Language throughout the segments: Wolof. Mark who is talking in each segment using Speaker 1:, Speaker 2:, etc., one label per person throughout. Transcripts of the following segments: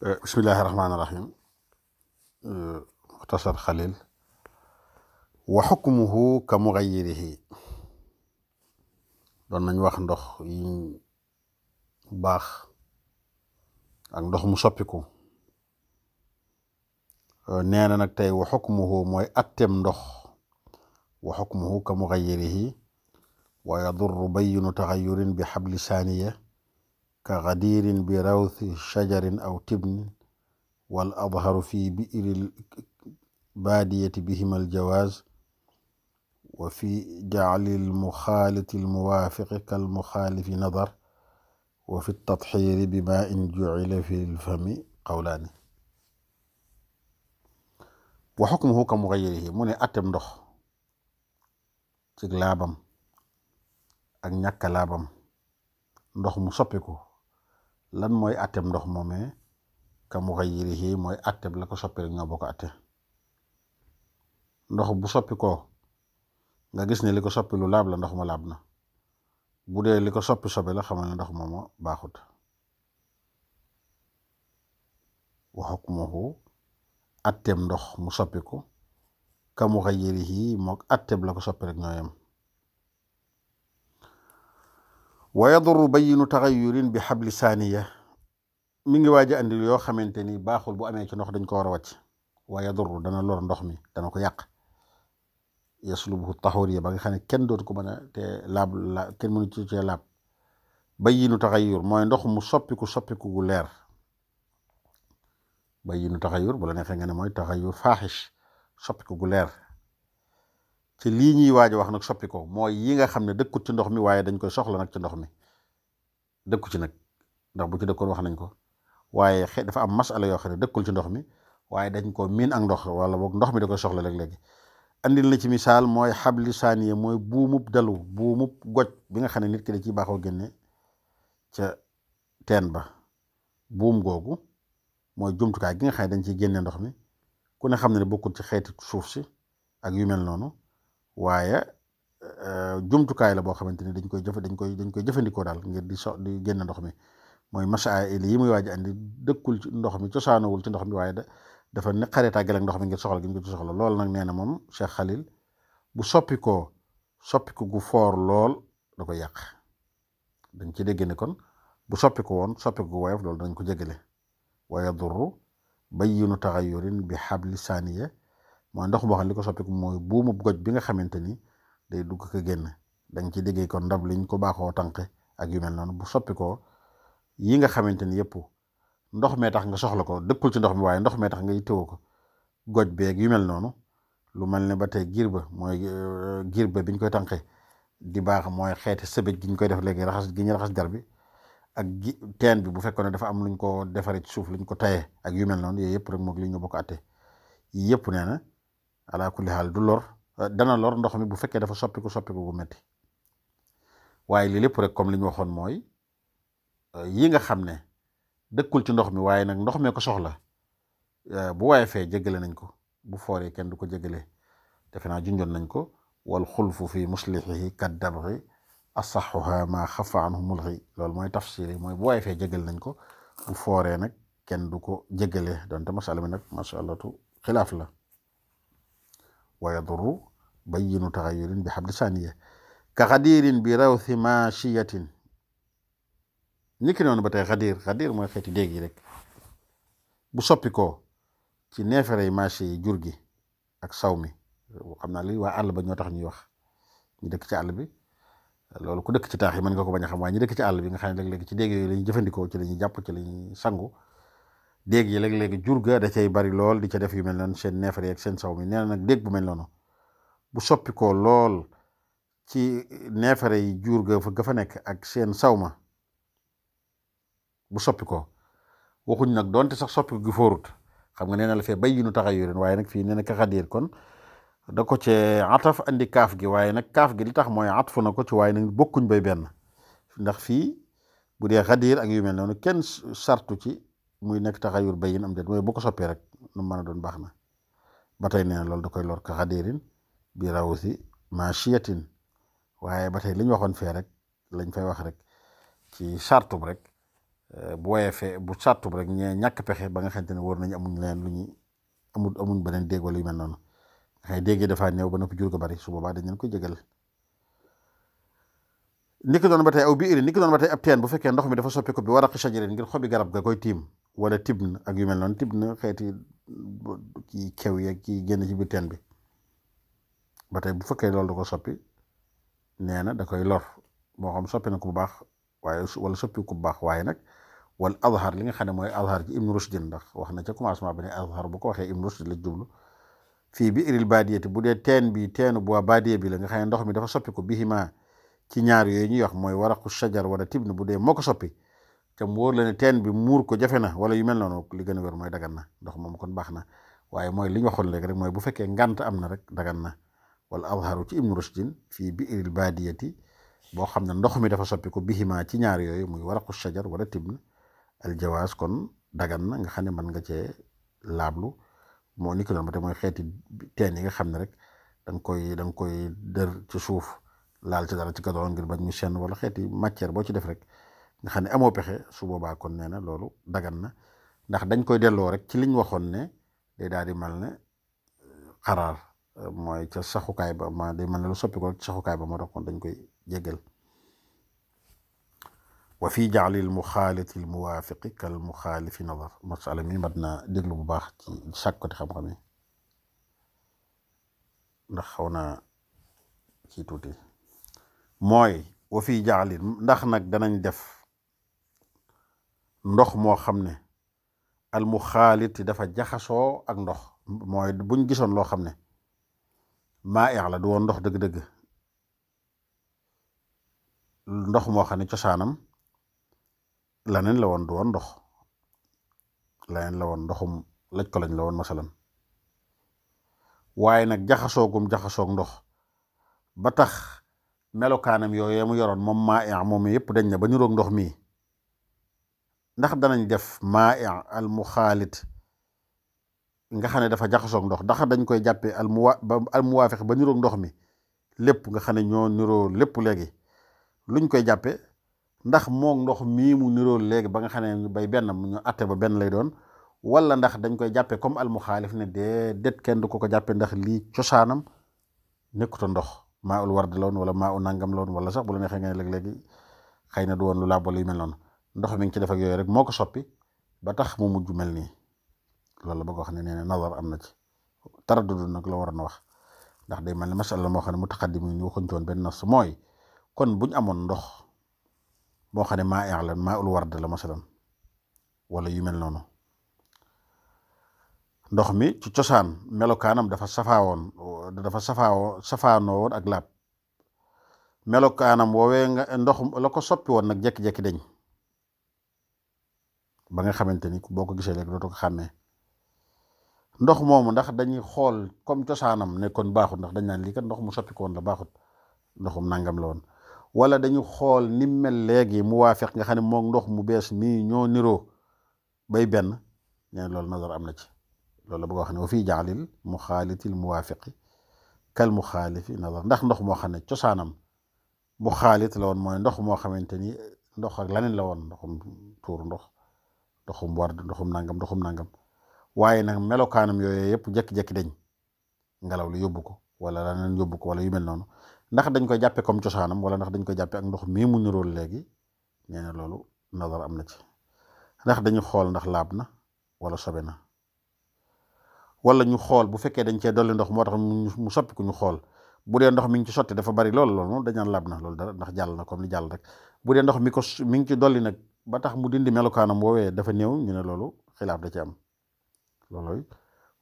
Speaker 1: bismillahi rahmaani rahim uh, muxtasar xalil wa xukmuhu ka muxayirihi doon nañ wax ndox yi baax ak ndox mu soppiku uh, nee na nag tey wa xukmuhu mooy attem ndox wa xukmuhu ka muxayirihi wa yadurru bayinu taxayurin bi xabli saaniya كغدير بروث شجر أو تبن والأظهر في بئر البادية بهما الجواز وفي جعل المخالط الموافق كالمخالف نظر وفي التطحير بماء جعل في الفم قولان wa xukmuhu ka muxayirihi mu ne atem ndox ci laabam ak ñàkk laabam ndox mu soppiku lan mooy àtteem ndox moomee ka mu koy yirihi mooy àtteem la ko soppi rek ñoo bokk àtte ndox bu soppi ko nga gis ne li ko soppi lu laab la ndox ma laab na bu dee li ko soppi sobe la xamal ne ndox moomu baaxut wa hukmuhu àtteem ndox mu soppiku ka mu koy yirihi moog àtteem la ko soppi rek ñoo wa yadurru bayinu taxayurin bi xabli saaniya mi ngi waaj a yoo xamante ni baaxul bu amee ci ndox dañ ko war a wàcc wa yadurru dana lor ndox mi dana ko yàq yaslubuhu taxuriya ba nga xam ne kenn dootu ko mën a te laab la kenn mënu ci cee laab bayinu taxayur mooy ndox mu soppiku soppiku gu leer bayinu taxayur bu la neexee nga ne mooy taxayur faaxish soppiku gu leer ci lii ñuy waaj wax nag soppi ko mooy yi nga xam ne dëkkut ci ndox mi waaye dañ koy soxla nag ci ndox mi dëkku ci nag ndax bu ci dëkkoon wax nañ ko waaye xëy am masala yoo xam ne dëkkul ci ndox mi waaye dañ koo miin ak ndox wala boog ndox mi da koy soxla léeg-léegi andil na ci misaal mooy xabli saaniye mooy buumub dalu buumub goj bi nga xam ne nit ki da ciy baaxoo génne ca teen ba buum googu mooy jumtukaay gi nga xam ne dañ ciy génne ndox mi ku ne xam ne ne bokkul ci xeeti suuf si ak yu mel noonu waaye eh, jumtukaay la boo xamante ni dañ koy jëf dañ koy dañ koy jëfandikoo daal ngir di so di génn ndox mi mooy masaa'il yi muy waaj a andi dëkkul ci ndox mi cosaanawul ci ndox mi waaye dafa ne xaree tàggal ak ndox mi ngir soxla gi ñu ko ci soxla lool nag nee na moom Cheikh Khalil bu soppikoo soppiku gu foor lool da ko yàq dañ ci dégg ne kon bu soppiku woon soppiku gu woyof loolu dañ ko jégale waaye duru bayyinu taxayurin bi xabli saaniya mooy ndox boo xam li ko soppiku mooy buumu goj bi nga xamante ni day dugg ko génn da nga ci déggee kon ndab liñ ko baaxoo tànqe ak yu mel noonu bu soppi ko nga xamante ni yëpp ndox mee tax nga soxla ko ci ndox mi waaye ndox mee tax nga yittewoo ko goj beeg yu mel noonu lu mel ne ba tey giir ba mooy euh, giir ba biñ koy tànqe di baax mooy xeeti sëbëj gi ñu koy def léegi raxas gi raxas jar bi ak gi teen bi bu fekkoon ne dafa am luñ ko defaree ci suuf luñ ko tayee ak yu mel noonu yooyu yëpp rek moog li ñu bokk àtte yëpp nee na ala kulli xaal du lor euh, dana lor ndox mi bu fekkee dafa soppiku soppiku gu métti waaye lii lépp rek comme li ñu waxoon mooy euh, yii nga xam ne dëkkul ci ndox mi waaye nag ndox mee ko soxla euh, bu waaye fee jégale nañ ko bu fooree kenn du ko jégale defe naa junjoon nañ ko wal xulfu fi muslixihi kat dabri asaxuha ma xafa anhu mulxi loolu mooy tafsiri mooy bu waaye nañ ko bu fooree nag kenn du ko jégale donte masala mi nag masalatu xilaaf la waaye wa yadurru bayyinu taxayurin bi xabli saaniya ka xadiirin bi rawthi si ni ki noonu ba tey xadiir xadiir mooy xeeti déeg yi rek bu soppi ko ci neefere yi marché yi jur gi ak saw mi xam naa li waa àll ba ñoo tax ñuy wax ñu dëkk ci àll bi loolu ku dëkk ci taax yi mën nga ko bañ a xam waaye ñu dëkk ci àll bi nga xam ne léeg-léeg ci déeg yooyu la ñuy jëfandikoo ci la ñuy jàpp ci la ñuy sangu déeg yi léeg-léeg jur ga da cay bari lool di ca def yu mel noonu seen neefare yeeg seen saw mi nee na nag bu mel noonu bu soppi ko lool ci neefare yi jur ga fa ga fa nekk ak seen saw ma bu soppi ko waxuñ nag donte sax soppi gi foorut xam nga nee na la fee bay yu nu taxa yorin waaye nag fii nee na kaxadir kon da ko cee ataf andi kaaf gi waaye nag kaaf gi li tax mooy atfu na ko ci waaye nag bokkuñ bay benn ndax fii bu dee xadir ak yu mel noonu kenn sartu ci muy nekk taxayur bayin am déet mooy bu ko soppee rek nu mën a doon na ba tey nee loolu da koy lor ka xadirin bi rawsi machiyatin waaye ba tey li ñu waxoon fee rek lañ fay wax rek ci sartub rek eh, bu woyee fee bu sartub rek ñee ñàkk pexe ba nga xamante ne war nañu amuñ leen lu ñuy amul amuñ beneen déeg wala yu mel noonu xëy déggee dafaa néew ba noppi jur ko bari su boobaa dañ leen ko jégal ni ki doon aw bi iri ni ki doon ab teen bu fekkee ndox mi dafa soppi ko bi waraq shajarin ngir xobi garab ga koy tiim wala tib na ak yu mel tib na xeeti kii kew yeeg kii génn ci biir teen bi ba tey bu fekkee loolu da ko soppi nee na da koy lor moo xam soppi na ko bu baax waaye wala soppi ko bu baax waaye nag wala azhar li nga xam ne mooy azhar ci ibnu rushdin ndax wax na ca commencement bi ne azhar bu ko waxee ibnu rushdin la jublu fii bi iril baadiyati bu dee teen bi teenu bu waa baadiya bi la nga xam ndox mi dafa soppi ko bihima ci ñaar yooyu ñuy wax mooy waraqu shajar wala tibn bu dee moo ko soppi te mu la ne teen bi muur ko jafe na wala yu mel noonu li gën a wér mooy dagan na ndox moom kon baax na waaye mooy li ñu waxoon léegi rek mooy bu fekkee ngànt am na rek dagan na wala azharu ci ibnu rushdin fii biiril baadiyati boo xam ne ndox mi dafa soppi ko bihima ci ñaar yooyu muy waraqu shajar wala tibn aljawaas kon dagan na xam ne mën nga cee laablu moo ni ko doon ba te mooy xeeti teen yi nga xam ne rek da koy da koy dër ci suuf laal ci dara ci kadoon ngir bañ mu senn wala xeeti matière boo ci def rek nga xam ne amoo pexe su boobaa kon nee na loolu dagan na ndax dañ koy delloo rek ci liñ waxoon ne day daal di mel ne euh, xaraar euh, mooy ca saxukaay ba ma day mel ne lu soppi ko rek saxukaay ba moo tax kon dañ koy jégal wa fi jaalil muxaaliti l muwaafiqi kal muxaalifi nadar masala mi mat naa déglu bu baax ci sàkkati xam-xam yi ndax xaw naa ci tuuti mooy wa fi ndax nag danañ def ndox moo xam ne al mu dafa jaxasoo ak ndox mooy buñ gisoon loo xam ne maa la du woon ndox dëgg-dëgg ndox moo xam ne cosaanam laneen la woon du woon ndox laneen la woon ndoxum laj ko lañ la woon masalan waaye nag jaxasoogum jaxasoog ndox ba tax melokaanam yooyee mu yoroon moom maa eex moom yëpp dañ na ba ñu roog ndox mii ndax danañ def maa al muxaalit nga xam ne dafa jaxasoog ndox ndax dañ koy jàppee al muwa al muwaafiq ba niroog ndox mi lépp nga xam ne ñoo niroo lépp léegi luñ koy jàppee ndax moog ndox mii mu niroo léegi ba nga xam ne bay benn ñu atte ba benn lay doon wala ndax dañ koy jàppee comme almu muxaalif ne déedéet kenn du ko ko jàppee ndax li cosaanam nekkuta ndox maa ul ward la woon wala maa nangam la woon wala sax bu la neexee nga ne léeg-léegi xëy na du woon lu laabal yu mel noonu. ndox mi ngi ci def ak yooyu rek moo ko soppi ba tax mu mujj mel nii loolu la ne nee na am na ci nag la waroon a wax ndax day mel ne masala moo xam ne mu taqaddim yi ñu waxuñ ci woon benn nas mooy kon buñ amoon ndox moo xam ne maa eex la maa ul ward la masalan wala yu mel noonu ndox mi ci cosaan melokaanam dafa safaawoon dafa safaanoo ak laab melokaanam woowee nga ndox la ko soppi woon nag jekki-jekki dañ ba nga xamante ni boo ko gisee rek dootu ko xàmmee ndox moomu ndax dañuy xool comme cosaanam ne kon baaxut ndax dañ naan lii ndox mu soppi ko la baaxut ndoxum nangam la woon wala dañu xool ni mel léegi mu waafeq nga xam ne moom ndox mu bees mii ñoo niroo bay benn nee loolu nazar am na ci loolu la bëgg wax ne wa fii jaalil mu xaalitil mu waafeqi kal mu xaalifi nazar ndax ndox moo xam ne cosaanam mu xaalit la woon mooy ndox moo xamante ni ndox ak laneen la woon ndoxum tuur ndox ndoxum war ndoxum nangam ndoxum nangam waaye nag melokaanam yooyu yëpp jekki-jekki dañ ngelaw li yóbbu ko wala leneen yóbbu ko wala yu mel noonu ndax dañ koy jàppee comme cosaanam wala ndax dañ koy jàppee mii mu nirool léegi nee na loolu nadar am na ci ndax dañu xool ndax laab na wala sobe na wala ñu xool bu fekkee dañ cee dolli ndox moo tax mu soppi ku ñu xool bu dee ndox mi ngi ci sotti dafa bari lool loolu moom dañaan laab na lool dara ndax jàll na comme li jàll rek bu dee ndox mi ko mi ci dolli nag ba tax mu dindi melukaanam woowee dafa néew ñu ne loolu xilaaf da ci am loolooy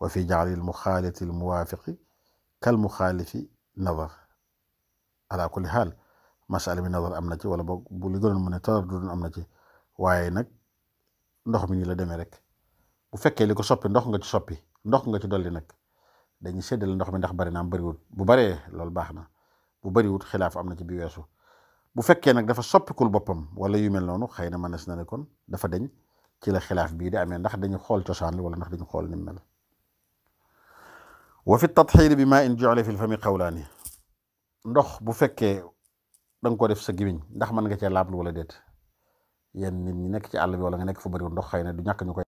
Speaker 1: wa fi jaalil muxaaliti l muwaafiqi kal muxaalifi nazar ala kulli xaal masala bi nazar am na ci wala boog bu li ne taraddudun am na ci waaye nag ndox mi ñu la demee rek bu fekkee li ko soppi ndox nga ci soppi ndox nga ci dolli nag dañuy séddale ndox mi ndax bari naam bëriwut bu baree loolu baax na bu bariwut xilaaf am na ci bi weesu bu fekkee nag dafa soppikul boppam wala yu mel noonu xëy na mënees na ne kon dafa deñ ci la xilaaf bii di amee ndax dañu xool cosaan li wala ndax dañu xool ni mel wa fi tatxiir bi maa in joxle fi lfami xawlaani ndox bu fekkee da nga ko def sa gimiñ ndax mën nga cee laablu wala déet yéen nit ñi nekk ci àll bi wala nga nekk fu bëriwul ndox xëy na du ñàkk ñu koy